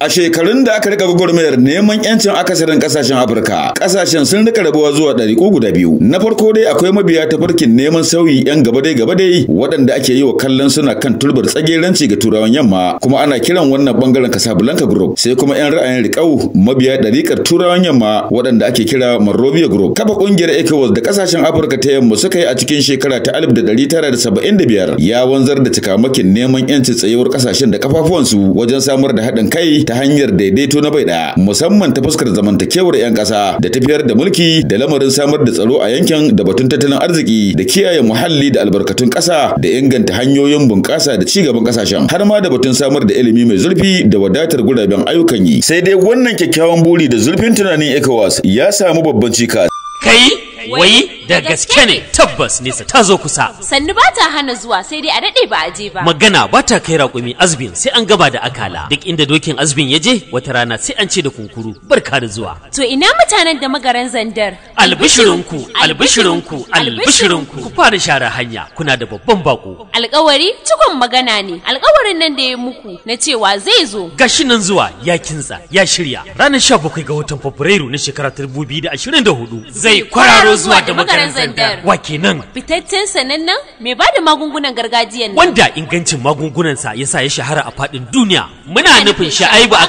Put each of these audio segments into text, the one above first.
A shekarun da aka rika gwagwarmayar neman yancin akasarin kasashen Afirka, ƙasashen sun rika rabuwa zuwa ɗariƙo guda biyu. Na farko dai akwai mabiya ta farkin neman sauyi yan gaba dai gaba dai waɗanda ake yi wa kallon suna kan turbar tsageranci ga turawan yamma kuma ana kiran wannan bangaren Casablanca Group. Sai kuma yan ra'ayin riƙau mabiya ɗariƙar turawan yamma waɗanda ake kira Monrovia Group. Kafa ƙungiyar ECOWAS da kasashen Afirka ta yamma suka yi a cikin shekara ta 1975 ya wanzar da cikamakin neman yancin tsayuwar kasashen da kafafuwansu wajen samar da haɗin kai ta hanyar daidaito na bai daya musamman ta fuskar zamantakewar 'yan ƙasa da tafiyar da mulki da lamarin samar da tsaro a yankin da batun tattalin arziki da kiyaye muhalli da albarkatun ƙasa da inganta hanyoyin bunƙasa da ci gaban ƙasashen har ma da batun samar da ilimi mai zurfi da wadatar guraben ayyukan yi sai dai wannan kyakkyawan buri da zurfin tunanin ECOWAS ya samu babban cika kai Wai da gaske ne tabbas nesa ta zo kusa. Sannu ba ta hana zuwa sai dai a daɗe ba a je ba. Magana ba ta kai raƙumi azbin sai an gaba da akala. Duk inda dokin azbin ya je wata rana sai an ce da kunkuru barka da zuwa. To ina mutanen da magaran zandar? Albishirinku, albishirinku, albishirinku. Ku fara share hanya kuna da babban bako. Alƙawari cikon magana ne. Alƙawarin nan da ya muku na cewa zai zo. Gashi nan zuwa ya kinsa ya shirya ranar 17 ga watan Fabrairu na shekarar 2024 zai kwararo zuwa da makarantar zandar. Wa kenan? Fitaccen sanannen mai ba da magungunan gargajiyan nan. Wanda ingancin sa ya sa ya shahara a fadin duniya. Muna nufin sha'aibu a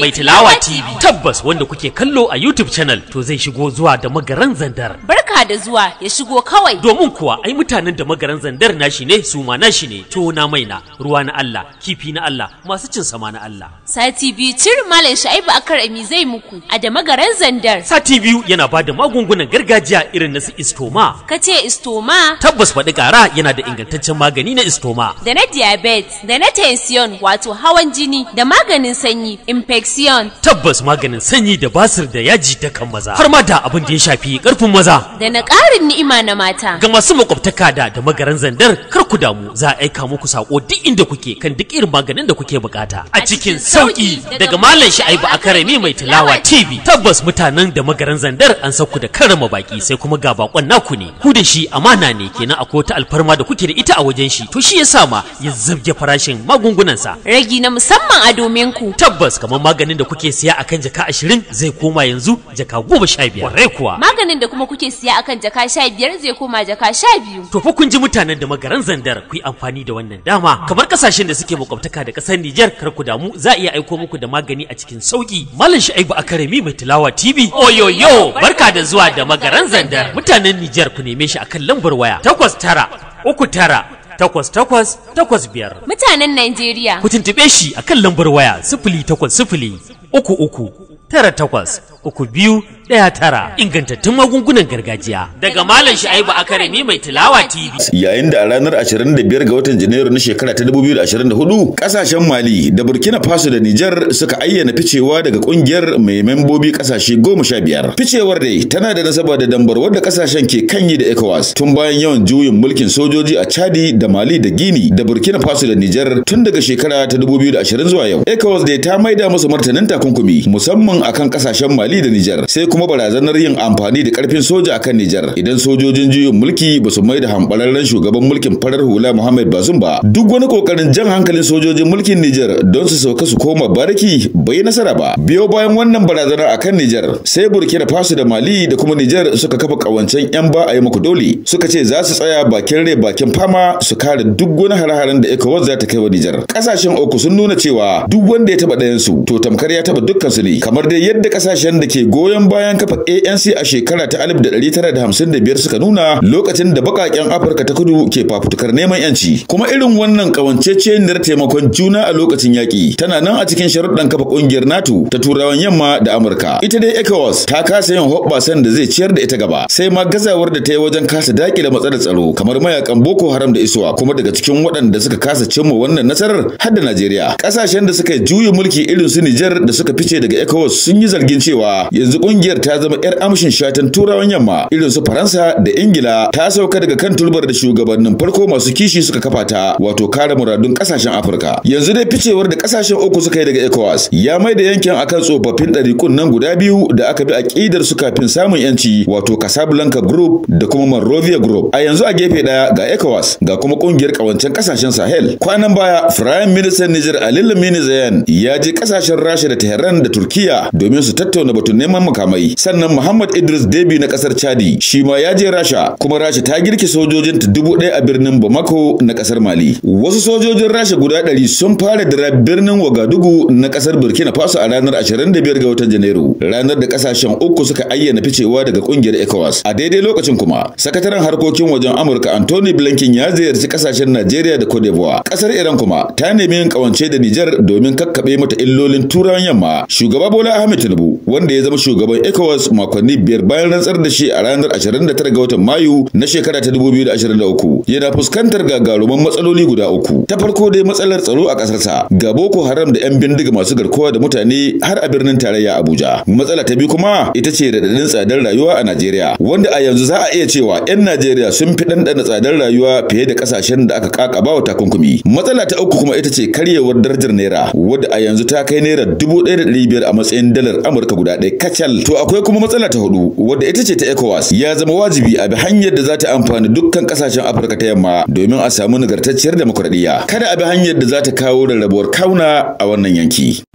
mai tilawa TV. Tabbas wanda kuke kallo a YouTube channel to zai shigo zuwa da magaran zandar. barka da zuwa ya shigo kawai domin kuwa ai mutanen da magaran zandar nashi ne su ma nashi ne to na maina ruwa na Allah kifi na Allah masu cin sama na Allah sati biyu cir malam shaibu akarami zai muku a da magaran zandar sati biyu yana bada magungunan gargajiya irin na su istoma ka ce istoma tabbas faɗi ƙara yana da ingantaccen magani na istoma da na diabetes da na tension wato hawan jini da maganin sanyi infection tabbas maganin sanyi da basir da yaji da kan maza har ma da abin da ya shafi karfin maza da na ƙarin ni'ima na mata. Ga masu makwabtaka da da magaran zandar kar ku damu za a aika muku sako duk inda kuke kan duk irin maganin da kuke bukata. A cikin sauƙi daga Malam Sha'ibu Akarami mai tilawa TV tabbas mutanen da magaran zandar an sauku da karrama baki sai kuma ga bakon naku ne. Ku da shi amana ne kenan akwai wata alfarma da kuke da ita a wajen shi to shi ya sa ma ya zabge farashin magungunansa. Ragi na musamman a domin ku. Tabbas kamar maganin da kuke siya akan jaka ashirin zai koma yanzu jaka goma sha biyar. Kwarai kuwa. Maganin da kuma kuke siya siya akan jaka sha biyar zai koma jaka sha biyu. To fa kun ji mutanen da magaran zandar ku yi amfani da wannan dama kamar kasashen da suke makwabtaka da kasar Nijar kar ku damu za a iya aiko muku da magani a cikin sauki. Malam Shu'aibu Akaremi mai tilawa TV. Oyoyo barka da zuwa da magaran zandar. Mutanen Nijar ku neme shi akan lambar waya takwas tara uku tara takwas takwas takwas biyar. Mutanen Najeriya. Ku tuntuɓe shi akan lambar waya sifili takwas sifili uku uku tara takwas uku biyu ɗaya tara ingantattun magungunan gargajiya daga malam sha'ibu akarami mai tilawa tv yayin da a ranar 25 ga watan janairu na shekara ta 2024 kasashen mali da burkina faso da nijar suka ayyana ficewa daga kungiyar mai membobi kasashe biyar. ficewar dai tana da nasaba da dambarwar da kasashen ke kanyi da ecowas tun bayan yawan juyin mulkin sojoji a chadi da mali da gini da burkina faso da nijar tun daga shekara ta 2020 zuwa yau ecowas dai ta maida musu martanin takunkumi musamman akan kasashen mali da nijar sai kuma barazanar yin amfani da karfin soja a kan Nijar idan sojojin juyin mulki ba su mai da hambararren shugaban mulkin farar hula Muhammad Bazoum ba duk wani kokarin jan hankalin sojojin mulkin Nijar don su sauka su koma bariki bai nasara ba biyo bayan wannan barazanar kan Nijar sai Burkina Faso da Mali da kuma Nijar suka kafa kawancen yan ba a yi muku dole suka ce za su tsaya bakin rai bakin fama su kare duk wani hare da ECOWAS za ta kai wa Nijar kasashen uku sun nuna cewa duk wanda ya taba ɗayan su to tamkar ya taba dukkan su ne kamar dai yadda kasashen da ke goyon bayan bayan kafa ANC a shekara ta 1955 suka nuna lokacin da bakaken Afirka ta kudu ke fafutukar neman yanci. Kuma irin wannan kawanceceniyar taimakon juna a lokacin yaki, tana nan a cikin sharuɗan kafa ƙungiyar NATO ta Turawan Yamma da Amurka. Ita dai ECOWAS ta kasa yin hoɓɓasan da zai ciyar da ita gaba sai ma gazawar da ta yi wajen kasa da matsalar tsaro kamar mayakan Boko Haram da Iswa kuma daga cikin waɗanda suka kasa cimma wannan nasarar har da Najeriya. Ƙasashen da suka juya mulki irin su Nijar da suka fice daga ECOWAS sun yi zargin cewa yanzu ƙungiyar Nijar ta zama yar amshin shatan turawan yamma irin su Faransa da Ingila ta sauka daga kan tulbar da shugabannin farko masu kishi suka kafa ta wato kare muradun kasashen Afirka. Yanzu dai ficewar da kasashen uku suka yi daga ECOWAS ya mai da yankin akan tsofaffin ɗari nan guda biyu da aka bi a aƙidar su kafin samun yanci wato Casablanca Group da kuma Monrovia Group. A yanzu a gefe ɗaya ga ECOWAS ga kuma ƙungiyar ƙawancen kasashen Sahel. Kwanan baya Prime Minister Niger Ali Lamine Zayan ya je kasashen Rasha da Tehran da Turkiya domin su tattauna batun neman makamai sannan muhammad idris debi na kasar chadi shi ma ya je rasha kuma rasha ta girke ta dubu ɗaya a birnin bamako na kasar mali wasu sojojin rasha guda ɗari sun fara dira birnin wagadugu na kasar burkina faso a ranar 25 ga watan janairu ranar da kasashen uku suka ayyana ficewa daga kungiyar ecowas a daidai lokacin kuma sakataren harkokin wajen amurka anthony blinken ya ziyarci kasashen najeriya da cote d'ivoire kasar iran kuma ta nemi yin kawance da nijar domin kakkaɓe mata illolin turawan yamma shugaba bola ahmed tinubu wanda ya zama shugaban ECOWAS makonni biyar bayan rantsar da shi a ranar 29 ga watan Mayu na shekara ta 2023 yana fuskantar gagaruman matsaloli guda uku. Ta farko dai matsalar tsaro a kasarsa ga Boko Haram da 'yan bindiga masu garkuwa da mutane har a birnin tarayya Abuja. Matsala ta biyu kuma ita ce radadin tsadar rayuwa a Najeriya wanda a yanzu za a iya cewa 'yan Najeriya sun fi ɗanɗana tsadar rayuwa fiye da kasashen da aka kakaba wa takunkumi. Matsala ta uku kuma ita ce karyewar darajar naira wadda a yanzu ta kai naira 1,500 a matsayin dalar Amurka guda ɗaya kacal. To a akwai kuma matsala ta hudu wadda ita ce ta ECOWAS ya zama wajibi a bi hanyar da za ta amfani dukkan kasashen Afirka ta yamma domin a samu nagartacciyar demokradiyya kada a bi hanyar da za ta kawo rarrabuwar kauna a wannan yanki